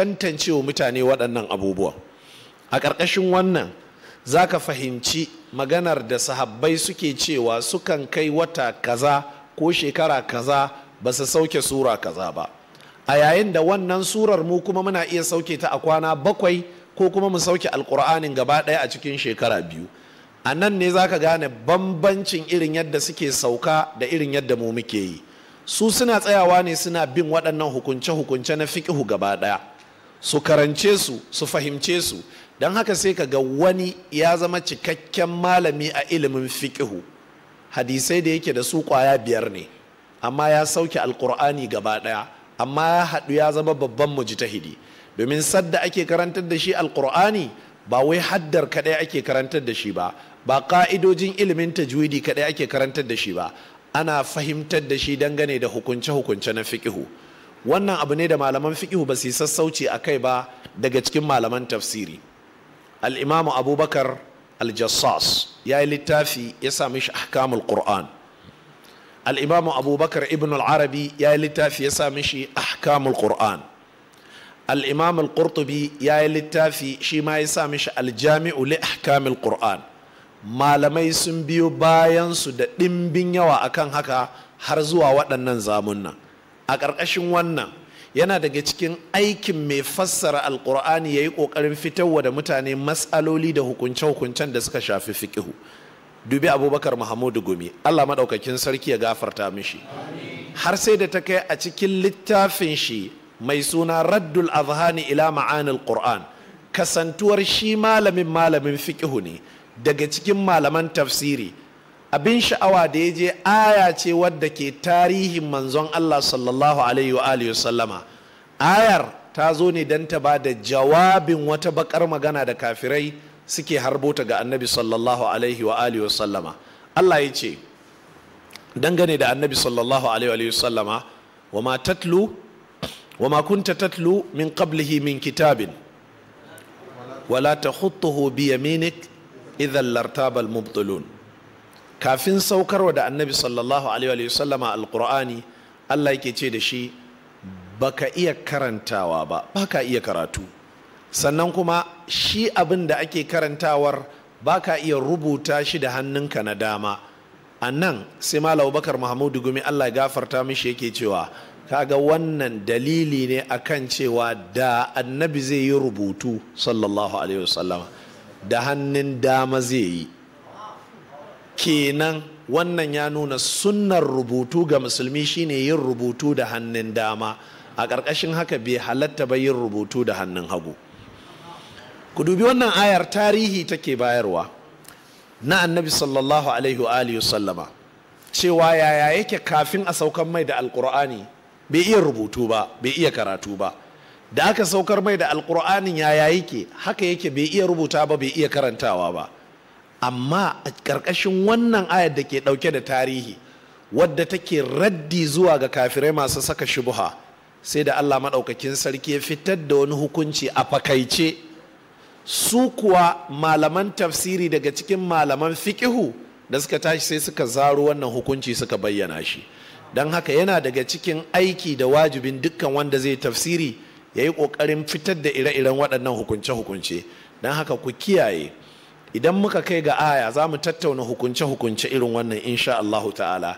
tantancewa mutane waɗannan abubuwa a ƙarƙashin wannan za ka fahimci maganar da sahabbai suke cewa sukan kai wata kaza ko shekara kaza ba su sauke sura kaza ba a yayin da wannan surar mu kuma muna iya sauke ta a kwana bakwai ko kuma mu sauke alkur'anin gaba ɗaya a cikin shekara biyu a nan ne za ka gane bambancin irin yadda suke sauka da irin yadda mu muke yi su suna tsayawa ne suna bin waɗannan hukunce-hukunce na fiƙihu gaba ɗaya su karance su su fahimce su don haka sai ka ga wani ya zama cikakken malami a ilimin fiƙihu hadisai da yake da su ƙwaya biyar ne amma ya sauke alƙur'ani gaba ɗaya amma ya haɗu ya zama babban mujtahidi domin sadda ake karantar da shi alƙur'ani ba wai haddar kaɗai ake karantar da shi ba ba ƙa'idojin ilimin tajwidi kaɗai ake karantar da shi ba ana fahimtar da shi dangane da hukunce-hukunce na fiƙihu wannan abu ne da malaman fiƙihu ba su yi sassauci a kai ba daga cikin malaman tafsiri al'imamu abubakar aljassas ya yi littafi ya sami shi ahkamul qur'an al'imamu abubakar ibn al-arabi ya yi littafi ya sami shi ahkamul qur'an al'imamu al-qurtubi ya yi littafi shi ma ya sami shi aljami'u li ahkamul qur'an malamai sun biyo bayan su da ɗimbin yawa akan haka har zuwa waɗannan zamunna a ƙarƙashin wannan yana daga cikin aikin mai fassara Alƙur'ani ya yi ƙoƙarin fitarwa da mutane matsaloli da hukunce-hukuncen da suka shafi fiƙihu dubi abubakar Muhammadu gumi allah maɗaukakin sarki ya gafarta mishi har sai da ta kai a cikin littafin shi mai suna raddul azhani ila ma'anil qur'an kasantuwar shi malamin malamin fiƙihu ne daga cikin malaman tafsiri abin sha'awa da ya je aya ce wadda ke tarihin manzon Allah sallallahu alaihi wa alihi sallama ayar ta zo ne dan ta ba da jawabin wata bakar magana da kafirai suke harbota ga annabi sallallahu alaihi wa alihi sallama Allah ya ce dangane da annabi sallallahu alaihi wa sallama wa ma tatlu wa ma kunta tatlu min qablihi min kitabin wala ta bi yaminik idan lartabal mubtulun kafin saukarwa da annabi sallallahu alaihi wa sallama alqur'ani Allah yake ce da shi baka iya karantawa ba baka iya karatu sannan kuma shi abin da ake karantawar baka iya rubuta shi da hannunka na dama a sai malam bakar mahmud gumi Allah ya gafarta mishi yake cewa kaga wannan dalili ne akan cewa da annabi zai yi rubutu sallallahu alaihi wa sallama da hannun dama zai yi kenan wannan ya nuna sunnar rubutu ga musulmi shine yin rubutu da hannun dama a ƙarƙashin haka bai halatta ba yin rubutu da hannun hagu ku dubi wannan ayar tarihi take bayarwa na annabi sallallahu alaihi wa alihi sallama cewa yaya yake kafin a saukar mai da alkur'ani bai iya rubutu ba bai iya karatu ba da aka saukar mai da alkur'anin yaya yake haka yake bai iya rubuta ba bai iya karantawa ba amma a ƙarƙashin wannan ayar da ke ɗauke da tarihi wadda take raddi zuwa ga kafirai masu saka shubuha sai da allah maɗaukakin sarki ya fitar da wani hukunci a fakaice su kuwa malaman tafsiri daga cikin malaman fikihu da suka tashi sai suka zaro wannan hukunci suka bayyana shi don haka yana daga cikin aiki da wajibin dukkan wanda zai tafsiri ya yi ƙoƙarin fitar da ire-iren waɗannan hukunce-hukunce don haka ku kiyaye idan muka kai ga aya za mu tattauna hukunce-hukunce irin wannan insha Allah ta'ala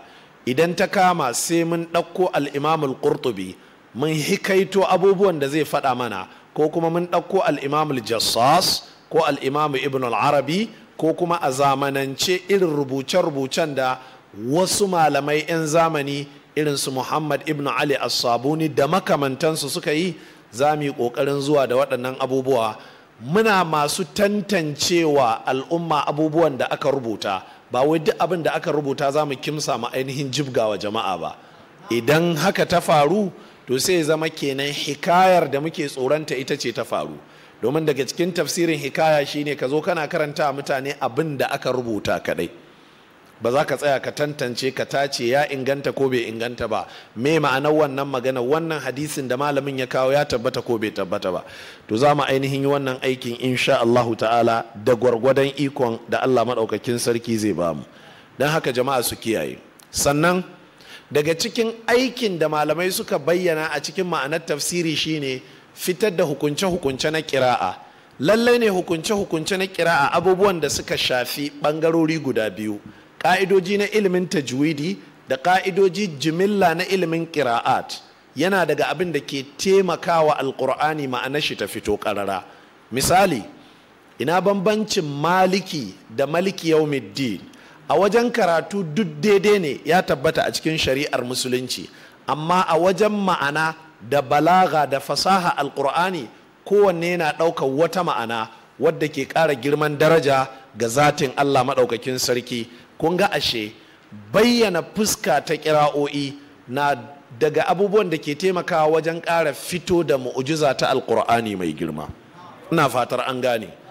idan ta kama sai mun ɗauko al'imamul ƙurtubi mun hikaito abubuwan da zai faɗa mana ko kuma mun ɗauko al'imamul jassas ko al'imamu ibn al-arabi ko kuma a zamanance irin rubuce-rubucen da wasu malamai 'yan zamani irinsu muhammad ibn ali as-sabuni da makamantansu suka yi za mu yi ƙoƙarin zuwa da waɗannan abubuwa muna masu tantancewa al'umma abubuwan da aka rubuta ba wai duk abin da aka rubuta za mu kimsa ma ainihin jibgawa jama'a ba idan haka ta faru to sai zama kenan hikayar da muke tsoronta ita ce ta faru domin daga cikin tafsirin hikaya shine ka zo kana karanta mutane abin da aka rubuta kadai ba za ka tsaya ka tantance ka tace ya inganta ko bai inganta ba me ma'anar wannan magana wannan hadisin da malamin ya kawo ya tabbata ko bai tabbata ba to za mu ainihin yi wannan aikin insha Allah ta'ala da gwargwadon ikon da Allah maɗaukakin sarki zai ba mu don haka jama'a su kiyaye sannan daga cikin aikin da malamai suka bayyana a cikin ma'anar tafsiri shine fitar da hukunce-hukunce na kira'a lallai ne hukunce-hukunce na kira'a abubuwan da suka shafi ɓangarori guda biyu ƙa'idoji na ilimin tajwidi da ƙa'idoji jimilla na ilimin ƙira'at yana daga abin da ke taimakawa alƙur'ani ma'ana shi ta fito ƙarara misali ina bambancin maliki da maliki yaumiddin a wajen karatu duk daidai ne ya tabbata a cikin shari'ar musulunci amma a wajen ma'ana da balaga da fasaha alƙur'ani kowanne yana ɗaukar wata ma'ana wadda ke ƙara girman daraja ga zatin allah maɗaukakin sarki kun ga ashe bayyana fuska ta kira'o'i na daga abubuwan da ke taimakawa wajen ƙara fito da mu'ujiza ta alƙur'ani mai girma ina fatar an gane